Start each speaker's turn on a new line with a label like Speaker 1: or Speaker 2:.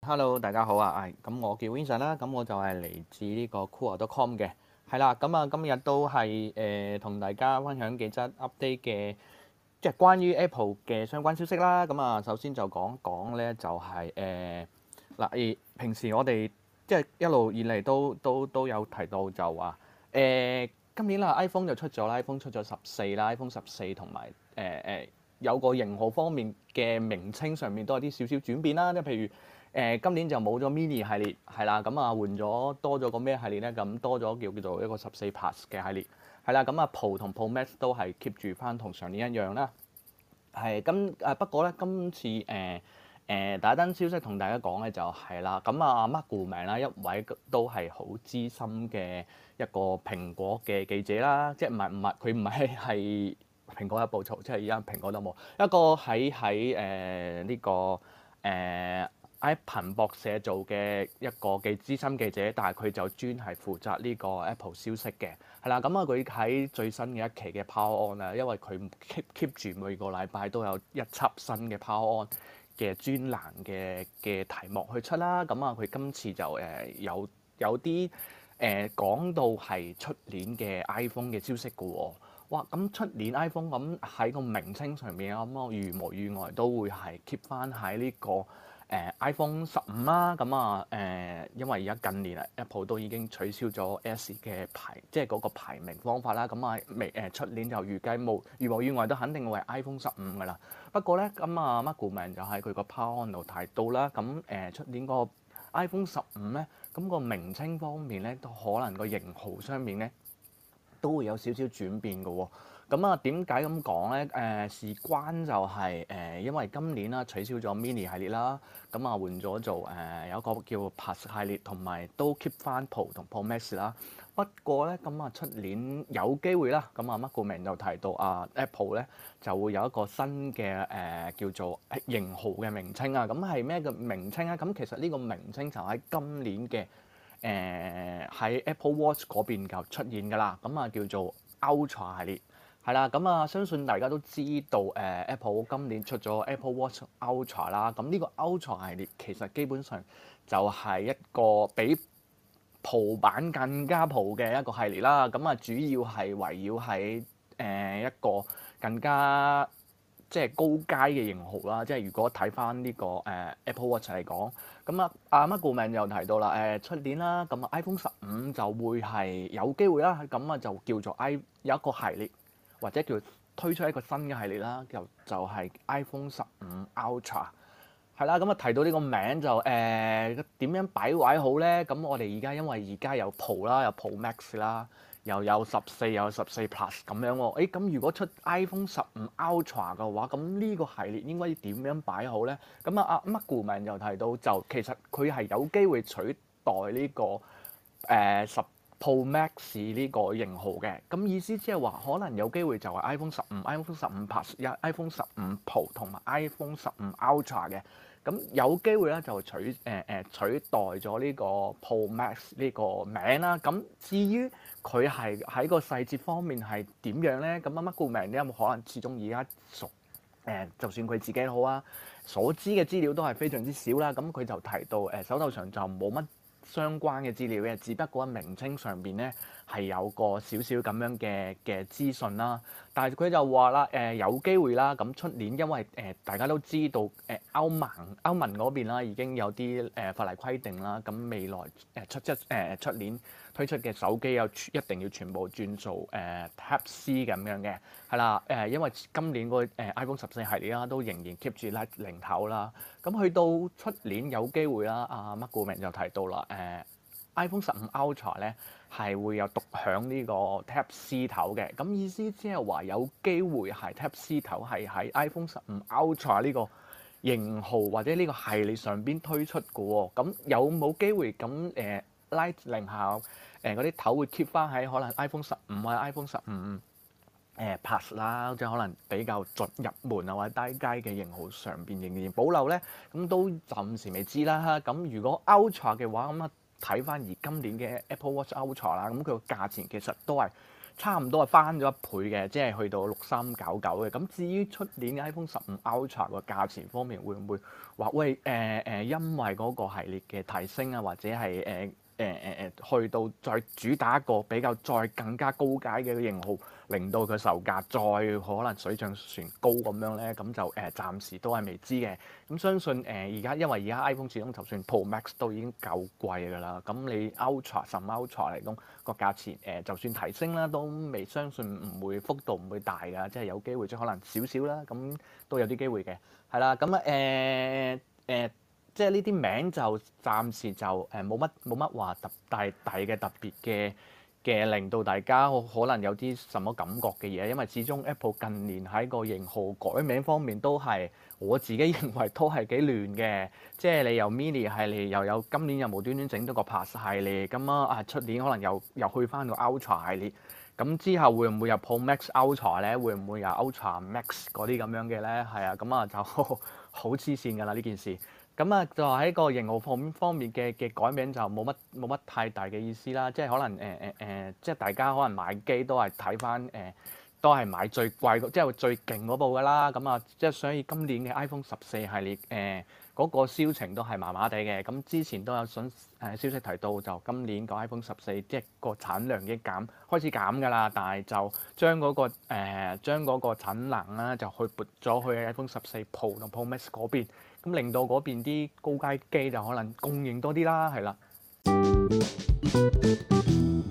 Speaker 1: Hello，大家好啊！咁我叫 Vincent 啦，咁我就係嚟自呢個 Cooler.com 嘅，係啦，咁啊今日都係誒同大家分享幾則 update 嘅，即係關於 Apple 嘅相關消息啦。咁啊，首先就講講咧，就係誒嗱，而平時我哋即係一路以嚟都都都有提到就話誒。呃今年啦，iPhone 就出咗啦，iPhone 出咗十四，iPhone 啦，十四同埋誒誒有個型號方面嘅名稱上面都有啲少少轉變啦，即係譬如誒、呃、今年就冇咗 mini 系列係啦，咁啊換咗多咗個咩系列咧？咁多咗叫叫做一個十四 Plus 嘅系列係啦，咁啊、嗯、Pro 同 Pro Max 都係 keep 住返同上年一樣啦，係咁誒不過咧今次誒。呃誒，第一單消息同大家講咧就係、是、啦，咁啊，阿 Mark Gurman 啦，一位都係好資深嘅一個蘋果嘅記者啦，即係唔係唔係佢唔係係蘋果有報道，即係而家蘋果都冇一個喺喺誒呢個誒彭、呃、博社做嘅一個嘅資深記者，但係佢就專係負責呢個 Apple 消息嘅係啦。咁啊，佢、嗯、喺最新嘅一期嘅 Power On 啊，因為佢 keep keep 住每個禮拜都有一輯新嘅 Power On。嘅專欄嘅嘅題目去出啦，咁啊，佢今次就誒有有啲誒、呃、講到係出年嘅 iPhone 嘅消息嘅喎，哇！咁出年 iPhone，咁喺個名稱上面啊，咁我如無意外都會係 keep 翻喺呢個。誒、uh, iPhone 十五啦，咁啊誒，因為而家近年啊，Apple 都已經取消咗 S 嘅排，即係嗰個排名方法啦。咁啊，未誒出年就預計冇，如無意外都肯定會係 iPhone 十五㗎喇。不過咧，咁啊 Mark Gurman 就喺佢個 Power On 度提到啦。咁誒出年個 iPhone 十五咧，咁個名稱方面咧，都可能個型號上面咧。都會有少少轉變嘅喎，咁啊點解咁講呢？誒、呃，事關就係、是、誒、呃，因為今年啦，取消咗 Mini 系列啦，咁啊換咗做誒、呃、有一個叫 Plus 系列，同埋都 keep 翻 Pro 同 Pro Max 啦。不過呢，咁啊出年有機會啦，咁啊 Mark Gurman 就提到啊 Apple 呢，就會有一個新嘅誒、呃、叫做型號嘅名稱啊，咁係咩嘅名稱啊？咁、嗯、其實呢個名稱就喺今年嘅。誒喺 Apple Watch 嗰邊就出現㗎啦，咁啊叫做 Ultra 系列，係啦，咁啊相信大家都知道，誒 Apple 今年出咗 Apple Watch Ultra 啦，咁呢個 Ultra 系列其實基本上就係一個比 Pro 版更加 Pro 嘅一個系列啦，咁啊主要係圍繞喺誒一個更加。即係高階嘅型號啦，即係如果睇翻呢個誒、呃、Apple Watch 嚟講，咁啊阿 Mark Gurman 又提到啦，誒、呃、出年啦，咁 iPhone 十五就會係有機會啦，咁啊就叫做 i 有一個系列或者叫推出一個新嘅系列、就是、啦，就就係 iPhone 十五 Ultra 係啦，咁啊提到呢個名就誒點樣擺位好呢？咁我哋而家因為而家有 Pro 啦，有 Pro Max 啦。又有十四，又有十四 Plus 咁樣，誒、哎、誒，咁如果出 iPhone 十五 Ultra 嘅話，咁呢個系列應該點樣擺好咧？咁啊，阿乜顧文又提到，就其實佢係有機會取代呢、這個誒十。呃 Pro Max 呢個型號嘅，咁意思即係話可能有機會就係 iPhone 十五、iPhone 十五 Plus、iPhone 十五 Pro 同埋 iPhone 十五 Ultra 嘅，咁有機會咧就取誒誒、呃、取代咗呢個 Pro Max 呢個名啦。咁至於佢係喺個細節方面係點樣咧？咁乜乜顧名，你有冇可能始終而家熟？誒、呃、就算佢自己好啊，所知嘅資料都係非常之少啦。咁佢就提到誒、呃、手頭上就冇乜。相關嘅資料，只不過名稱上邊呢。係有個少少咁樣嘅嘅資訊啦，但係佢就話啦，誒有機會啦，咁出年因為誒大家都知道誒歐盟歐盟嗰邊啦，已經有啲誒法例規定啦，咁未來誒出一誒出年推出嘅手機又一定要全部轉做誒 Type C 咁樣嘅，係啦，誒因為今年個誒 iPhone 十四系列啦都仍然 keep 住喺領頭啦，咁去到出年有機會啦，阿 Mark Gurman 就提到啦，誒。iPhone 十五 Ultra 咧係會有獨享呢個 Type C 頭嘅咁意思，即係話有機會係 Type C 頭係喺 iPhone 十五 Ultra 呢個型號或者呢個系列上邊推出嘅喎、哦。咁有冇機會咁、呃、Lightning 誒嗰啲頭會 keep 翻喺可能 iPhone 十五或者 iPhone 十五誒 Plus 啦，即係可能比較進入門啊或者低階嘅型號上邊仍然保留咧，咁都暫時未知啦。咁如果 Ultra 嘅話咁啊～睇翻而今年嘅 Apple Watch Ultra 啦，咁佢個價錢其實都係差唔多係翻咗一倍嘅，即係去到六三九九嘅。咁至於出年嘅 iPhone 十五 Ultra 嘅價錢方面，會唔會話喂誒誒、呃呃，因為嗰個系列嘅提升啊，或者係誒？呃誒誒誒，去到再主打一個比較再更加高階嘅型號，令到佢售價再可能水漲船高咁樣咧，咁就誒、呃、暫時都係未知嘅。咁、嗯、相信誒而家因為而家 iPhone 始終就算 Pro Max 都已經夠貴㗎啦，咁你 Ultra 十貓才嚟講個價錢誒、呃，就算提升啦，都未相信唔會幅度唔會大㗎，即係有機會即可能少少啦，咁都有啲機會嘅，係啦，咁啊誒誒。呃呃呃即係呢啲名就暫時就誒冇乜冇乜話特大大嘅特別嘅嘅令到大家可能有啲什麼感覺嘅嘢，因為始終 Apple 近年喺個型號改名方面都係我自己認為都係幾亂嘅。即係你由 Mini 系列又有今年又無端端整咗個 Plus 系列咁啊，啊出年可能又又去翻個 Ultra 系列咁之後會唔會又 Pro Max Ultra 咧？會唔會又 Ultra Max 嗰啲咁樣嘅咧？係啊，咁啊就好黐線㗎啦呢件事。咁啊，就喺個型號方方面嘅嘅改名就冇乜冇乜太大嘅意思啦，即係可能誒誒誒，即係大家可能買機都係睇翻誒。呃都係買最貴，即係最勁嗰部㗎啦。咁啊，即係所以今年嘅 iPhone 十四系列，誒、呃、嗰、嗰個銷情都係麻麻地嘅。咁之前都有想誒消息提到，就今年個 iPhone 十四即係個產量已減開始減㗎啦。但係就、嗰個呃、將嗰個誒將嗰個產能啦，就去撥咗去 iPhone 十四 Pro 同 Pro Max 嗰邊，咁令到嗰邊啲高階機就可能供應多啲啦，係啦。